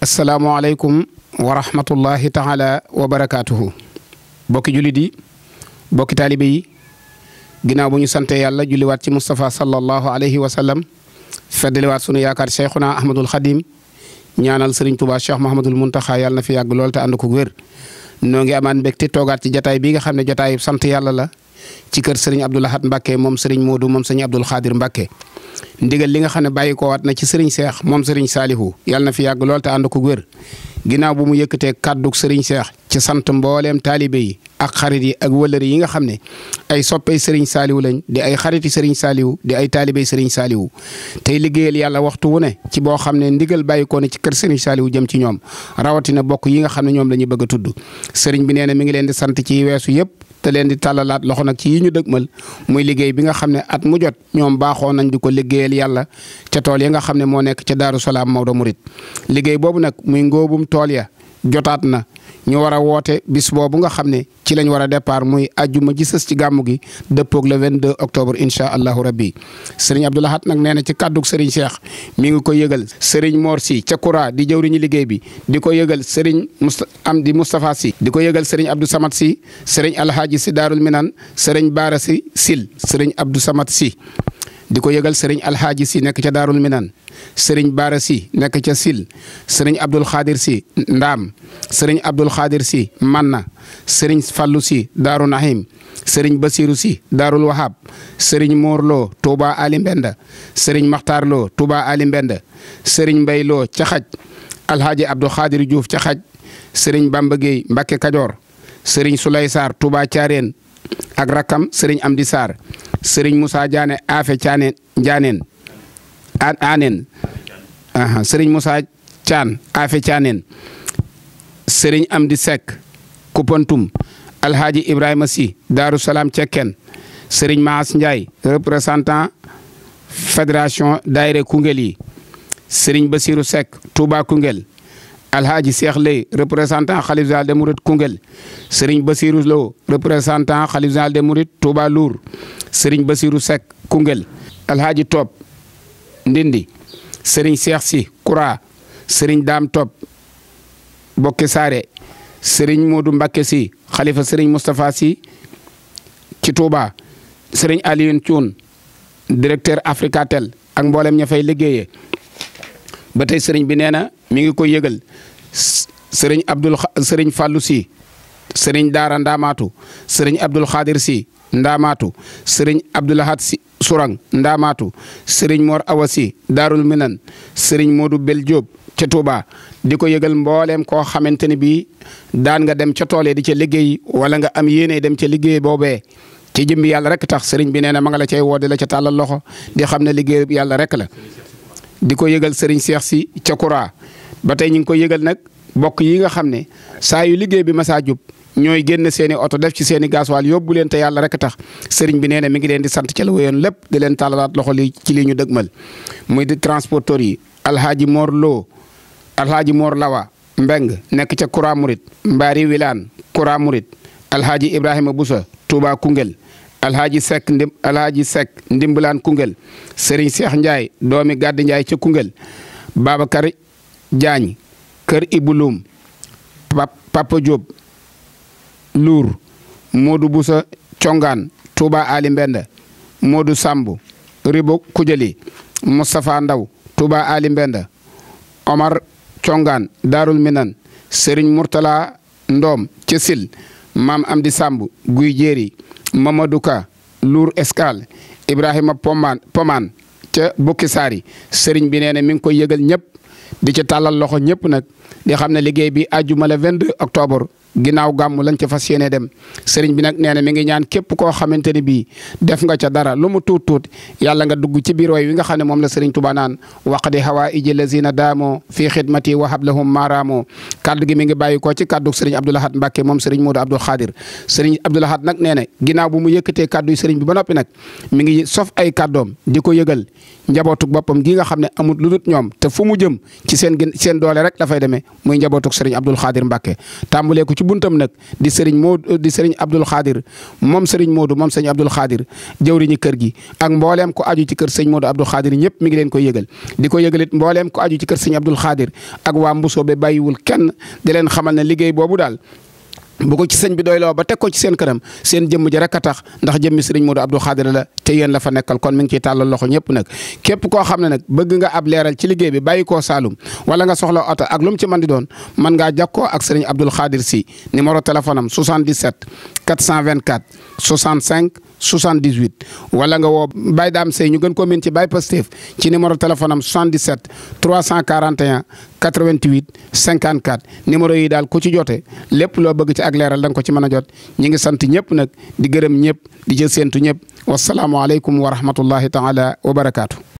asalaamualeykum wa rahmatullahi taala wa barakaatuhu. bokki jullit yi bokki taalibe yi ginnaaw bu ñu sante yàlla julliwaat ci Moustapha sallallahu alayhi wa sallam feddaliwaat sunu yaakaar Cheikhuna Ahmadul Xadim ñaanal Serigne Touba Cheikh Mouhamadul Mountakha yàlla na fi yàgg lool te ànd ko noo ngi amaan mbégte toogaat ci jataay bi nga xam ne jataay sant yàlla la ci kër Serigne Abdoul Ahad Mbacke moom Serigne Modou moom Serigne Abdoul Khadir Mbacke. ndigal li nga xam ne bàyyi ko na ci sëriñ seex moom sëriñ saalihu yàlla na fi yàgg lool te ànd ko wér ginnaaw bu mu yëkkatee kàddug sëriñ seex ci sant mbooleem taalibe yi ak xarit yi ak wëllëri yi nga xam ne ay soppey sëriñ saalihu lañ di ay xariti sëriñ saalihu di ay taalibey sëriñ saalihu tey liggéeyal yàlla waxtu wu ne ci boo xam ne ndigal bàyyi ko na ci kër sëriñ saalihu jëm ci ñoom rawatina bokk yi nga xam ne ñoom la ñu bëgg a tudd sëriñ bi nee na mi ngi leen di sant ci weesu yëpp te leen di tàllalaat loxo nag ci yi ñu dëgmal muy liggéey bi nga xam ne at mu jot ñoom baaxoo nañ di ko liggéeyal yàlla ca tool yi nga xam ne moo nekk ca Daaru Salaam Maodo Murit liggéey boobu nag muy ngóobum tool ya jotaat na ñu war a woote bis bu nga xam ne ci lañ war a départ muy ajuma ji sës ci gàmmu gi dëppoog vingt deux octobre incha allahu rabbi sëriñ Abdou Lahad nag nee na ci kàddug sëriñ Cheikh mi ngi ko yëgal sëriñ Mor si ca Kura di jëwriñu liggéey bi di ko yëgal sëriñ Must am di Moustapha si. di ko yëgal sëriñ Abdou Samad si sëriñ Alhaji si Daarul Minan sëriñ Baara si Sil sëriñ Abdou Samad si. di ko yëgal sëriñ alxaaji si nekk ca daarul minan sëriñ baara si nekk ca sil sëriñ abdul xaadir si ndaam sëriñ abdul xaadir si manna sëriñ fallu si daaru nahim sëriñ basiru si daarul wahab sëriñ moorloo touba ali mbenda sëriñ maxtaarloo touba ali mbenda sëriñ mbayloo ca xaj alxaaji abdul xaadir diouf ca xaj sëriñ bamba gueye mbakke kajoor sëriñ sulay saar touba caareen ak rakkam sëriñ amdi saar sëriñ Moussa Diané Afe Thiané Diané an Anen aha sëriñ sëriñ Amdi sek Koupantoum Alhaji Ibrahima Sy Darou Salaam Cekkeen sëriñ Maas Ndiaye représentant fédération daayira Koungheul yi sëriñ Bassirou sek tuba Koungheul Alhaji Cheikh Ley représentant Khalife Général des Mourides sëriñ Bassirou Lo représentant Khalife Général des Mourides Touba sëriñ Basirou Seck Koungheul Alhaji Top Ndindi sëriñ Cheikh si Koura sëriñ daam Top Bokke Saare sëriñ Modou Mbakke Sy xalifa sëriñ Moustapha si ci Touba sëriñ Alioune Thioune directeur Africatel ak mboolem ña fay ba tey sëriñ bi nee na mi ngi koy yëgal sëriñ Abdoul sëriñ Fallou Sy sëriñ daara ndaamaatu sëriñ abdul xaadir si ndaamaatu sëriñ abdoulahad si ndaamaatu sëriñ mor awa si daarul minan sëriñ moodu bel jóob ca Touba di ko yëgal mbooleem koo xamante ni bii daan nga dem ca tool yi di ca liggéey wala nga am yéene dem ca liggéey boobee ci jëmbi yàlla rek tax sëriñ bi nee na ma nga la cay woo di ca tàllal loxo di xam ne liggéey yàlla rek la di ko yëgal sëriñ Cheikh si ca Kura ba tey ñu ngi ko yëgal nag bokk yi nga xam ne saa liggéey bi masaa jub ñooy génn seeni oto def ci seeni i waal yóbbu leen te yàlla rek tax sëriñ bi nee na mi ngi leen di sant ca la lépp di leen tàllalaat loxo li ci li ñu dëgmal muy di transporteur yi alhaaji Mor Lo alhaaji Mor Lawa Mbeng nekk ca Kura Murit Mbaari Wilaan Kura Murit alhaaji Ibrahima Boussa Touba Koungheul alhaaji Seck ndim alhaaji Seck ndimbalaan Koungheul sëriñ Seex Ndiaye doomi Gàdd Ndiaye ca Koungheul Babacar Diagne kër Ibulum Papa Diop Lour Modou Boussa Congaan Touba Ali Mbenda Modou Samb Ribo Kujali Moustapha Ndaw Touba Ali Mbenda Omar Congaan Daarul Minan Serigne Mourtala Ndoom ci Sil Maam Amdi Samb Guy Jéeri Mamadou Ka Lour Escale Ibrahima Poman ca Bokki Saari sëriñ bi nee na mi ngi koy yëgal ñëpp di ca tàllal loxo ñëpp nag di xam ne liggéey bi àjjuma le 22 ginnaaw gàmm lañ ca fas yéene dem sëriñ bi nag nee na mi ngi ñaan képp koo xamante ne bii def nga ca dara lu mu tuut tuut yàlla nga dugg ci biir way wi nga xam ne moom la sëriñ Tuubaa naan waqdi hawaaiji lazina daamoo fii xidmati wa hablahum maaraamoo kaddu gi mi ngi bàyyi koo ci kaddu sëriñ Abdou Lahad mbakke moom sëriñ Modou Abdou Khadir sëriñ Abdou Lahad nag nee na ginnaaw bu mu yëkkatee kaddu yi bi ba noppi nag mi ngi sof ay kaddoom di ko yëgal njabootug boppam gi nga xam ne amul lu ñoom te fu mu jëm ci seen seen doole rek dafay demee muy njabootug sëriñ Abdou Khadir Mbacke tàmbalee ci buntam nag di sëriñ Modou di sëriñ Abdoul Khadir moom sëriñ Modou moom sëriñ Abdoul Khadir jëwriñu kër gi ak mbooleem ko aju ci kër sëriñ Modou Abdoul Khadir ñëpp mi ngi leen koy yëgal di ko yëgalit mbooleem ko aju ci kër sëriñ Abdoul Khadir ak waa Mbusoobe bàyyiwul kenn di leen xamal ne liggéey boobu daal bu ko ci sëñ bi doyloo ba teg ko ci seen kanam seen jëmm ji rek a tax ndax jëmmi sëriñ Modou Abdou Khadir la te yéen la fa nekkal kon mi ngi ciy tàllal loxo ñëpp nag képp koo xam ne nag bëgg nga ab leeral ci liggéey bi bàyyi koo Saalum wala nga soxla oto ak lu mu ci man di doon mën ngaa jàkkoo ak sëriñ Abdou Khadir si numéro téléphone am 77 424 65. 78 wala nga woo Baye Dame Seye ñu gën koo miin ci Baye Pastef ci numéro téléphone am 77 341 88 54 numéro yi daal ku ci jote lépp loo bëgg ci ak leeral da nga ko ci mën a jot ñi ngi sant ñëpp nag di gërëm ñëpp di jël séentu ñëpp wasalaamualeykum wa rahmatullahi taala wa barakaatu.